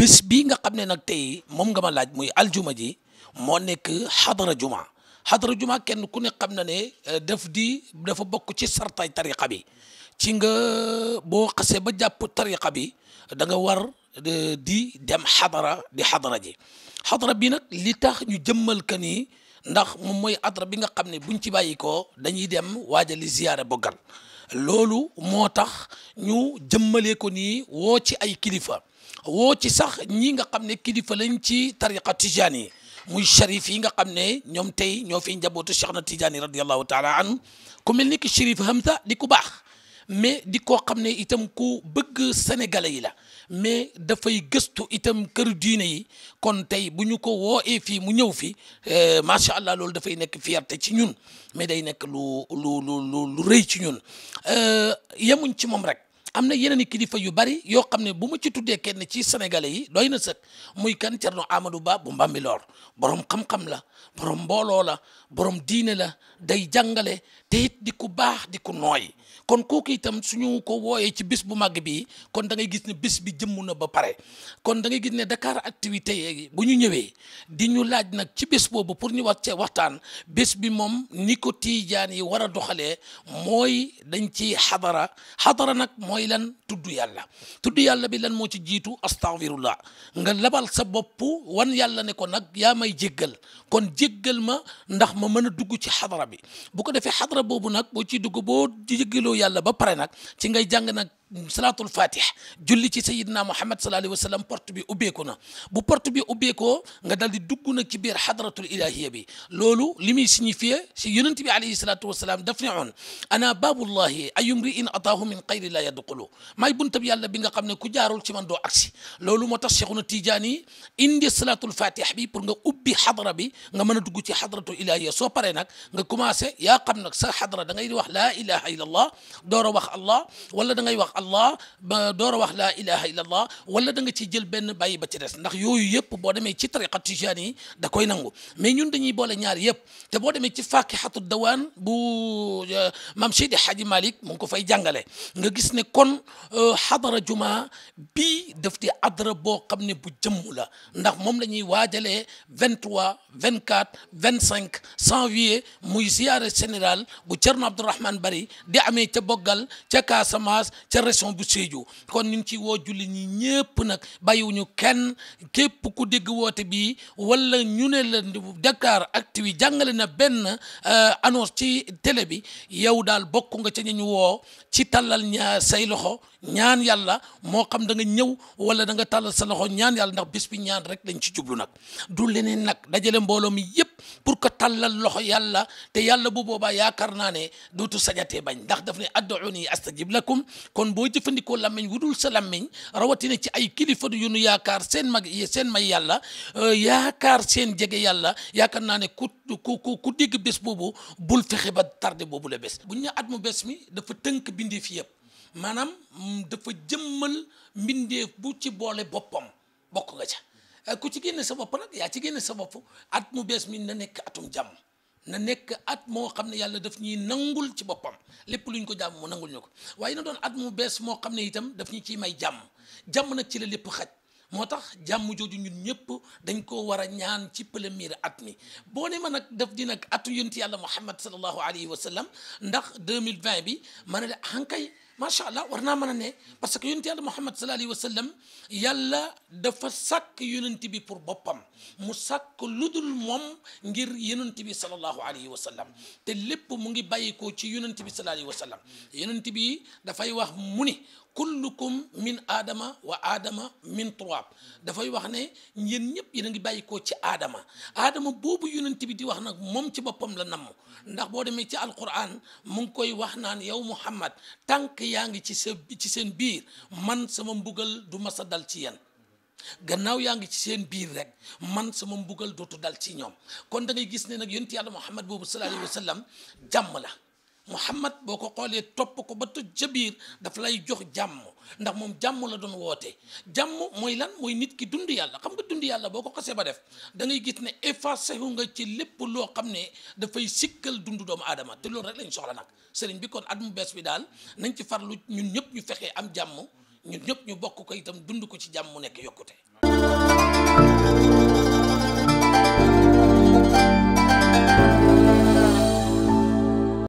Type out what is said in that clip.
bis bi nga xamne nak tay mom nga ma laaj muy aljuma ji mo nek hadra juma hadra juma kenn ku ne xamna ne def di dafa bok ci sartay tariqa bi ci nga bo xasse ba jàpp tariqa bi da nga war di dem hadra di hadra ji hadra bi nak li tax ñu jëmmal ka nii ndax mom moy adra bi nga xamne buñ ci bayiko dañuy dem waajali ziyaare boggal loolu moo ñu jëmmalé ko ni wo ci ay kilifa woo ci sax ñi nga xam ne kilifa lañ ci tariqa tijaan yi muy sharif yi nga xam ne ñoom tey ñoo fi njabootu Cheikh na Tidiane radiyallahu taala an ku mel ni ki Chérif Hamza di ku baax mais di koo xam ne itam ku bëgg sénégalais yi la mais dafay gëstu itam kër diine yi kon tey bu ñu ko wooee fii mu ñëw fi eh, macha allah loolu dafay nekk fierté ci ñun mais day nekk lu lu lu lu rëy ci ñun eh, yemuñ ci moom rek. am na yeneen i kilifa yu bari yoo xam ne bu ma ci tuddee kenn ci sénégalais yi doy na sëkk muy kan Thierno Amadou Ba bu Mbambilor borom xam-xam la borom mbooloo la borom diine la day jàngale te it di ku baax di ku nooy kon kooku itam suñu ko wooyee ci bis bu màgg bi kon da ngay gis ne bis bi jëmm na ba pare kon da gis ne Dakar activité yi bu ñu ñëwee di ñu laaj nag ci bis boobu pour ñu wax cee waxtaan bis bi moom ni ko tiijaan yi war a doxalee mooy dañ ci xadara xadara nag mooy mooy tuddu tudd yàlla tudd yàlla bi lan moo ci jiitu astaghfirullah nga labal sa bopp wan yàlla ne ko nag yaa may jéggal kon jéggal ma ndax ma mën a dugg ci xadara bi bu ko defee xadara boobu nag boo ciy dugg boo jéggaloo yàlla ba pare nag ci ngay jàng nag salaatul fatih julli ci sayidna muhammad sallallahu alayhi wa sallam porte bi ubbeeku na bu porte bi ubbeekoo nga dal di dugg nag ci biir xadratul ilahiya bi loolu li muy signifié si bi alayhi salatu wasalaam daf ne oon ana baabullahi ayumri in ataahu min xayri la yadxulu maay buntab yàlla bi nga xam ne ku jaarul ci man doo agsi loolu moo cheikhuna tijaani indi salaatul fatih bi pour nga ubbi xadra bi nga mën a dugg ci xadratul ilahiya soo paree nag nga commencé yaa xam nag sa xadra da ngay wax la ilaha illa allah door a wax allah wala da ngay wax الله با دور واخ لا اله الا الله ولا دا نغي جيل بن باي با تي ديس ناخ يوي ييب بو ديمي تي طريقه تيجاني دا كوي نانغو مي نون داني بولا ñaar ييب تي بو ديمي تي فاكهه الدوان بو مام سيدي حاجي مالك مونكو فاي جانغالي nga gis ne kon hadara euh, juma bi daf di adra bo xamne bu jëm la ndax mom lañuy wajalé 23 24 25 janvier muy ziyare général bu cherno abdourahman bari di amé ci bogal ci casamance ci région bu Sédhiou kon ñu ngi ci woo julli ñi ñëpp nag bàyyiwuñu kenn képp ku dégg woote bi wala ñu ne la Dakar Actu yi jàngale na benn euh, anoos ci télé bi yow daal bokk nga ca ñu woo ci tàllal ñaa say loxo ñaan yàlla moo xam da nga ñëw wala da nga tàllal sa loxo ñaan yàlla ndax bis bi ñaan rek lañ ci jublu nag du leneen nag dajale mbooloo mi yëpp pour que tàllal loxo yàlla te yàlla bu boobaa yaakaar naa ne dootu sañatee bañ ndax def ne adduuni astajib lakum kon boo jëfandikoo làmmiñ wudul sa làmmiñ rawatina ci ay kilifa yu nu yaakaar seen mag seen may yàlla euh, yaakaar seen jege yàlla yaakaar naa ne ku ku ku ku bés boobu bul fexe ba tardé boobu la bés bu ñu at mu bés mi dafa tënk bindee fi yëpp maanaam mm, dafa jëmmal mbindeef bu ci boole boppam bokk nga ca ku ci génne sa bopp nag yaa ci génne sa bopp at mu bees mi na nekk atum jàmm na nekk at moo xam ne yàlla daf ñuy nangul ci boppam lépp lu ñu ko jàmm mu nangul ñu ko waaye na doon at mu bees moo xam ne itam daf ñu ciy may jàmm jàmm nag ci la lépp xaj moo tax jàmm jooju ñun ñëpp dañ ko war a ñaan ci premier at mi boo ne ma nag daf di nag atu yonent yàlla muhammad sallallahu alayhi wa sallam ndax 2020 bi ma ne la hankay macha allah war naa mën a ne parce que yonent yàlla muhammad sallallahu alayhi wa sallam yàlla dafa sàkk yonent bi pour boppam mu sàkk lu dul moom ngir yonent bi sallallahu alayhi wa sallam te lépp mu ngi bàyyikoo ci yonent bi sallallahu alayhi wa sallam yonent bi dafay wax mu ni kullukum min aadama wa aadama min turaab dafay wax ne yéen ñëpp yéen a ngi bàyyikoo ci aadama aadama boobu yonent bi di wax nag moom ci boppam la namm ndax boo demee ci alquran mu ngi koy wax naan yow muhammad tànk yaa ngi ci sa ci seen biir man sama mbugal du masa dal ci yéen gannaaw yaa ngi ci seen biir rek man sama mbugal dootu dal ci ñoom kon da ngay gis ne nag yonent yàlla Muhammad boobu sallallahu alayhi wa sallam la muhammad boo ko xoolee topp ko ba toj ca biir dafa lay jox jàmm ndax moom jàmm la doon woote jàmm mooy lan mooy nit ki dund yàlla xam nga dund yàlla boo ko xasee ba def dangay gis ne effacé nga ci lépp loo xam ne dafay sikkal dundu doomu aadama te loolu rek lañ soxla nag sëriñ bi kon at mu bees bi daal nañ ci lu ñun ñëpp ñu fexee am jàmm ñun ñëpp ñu bokk ko itam dund ko ci jàmm mu nekk yokkute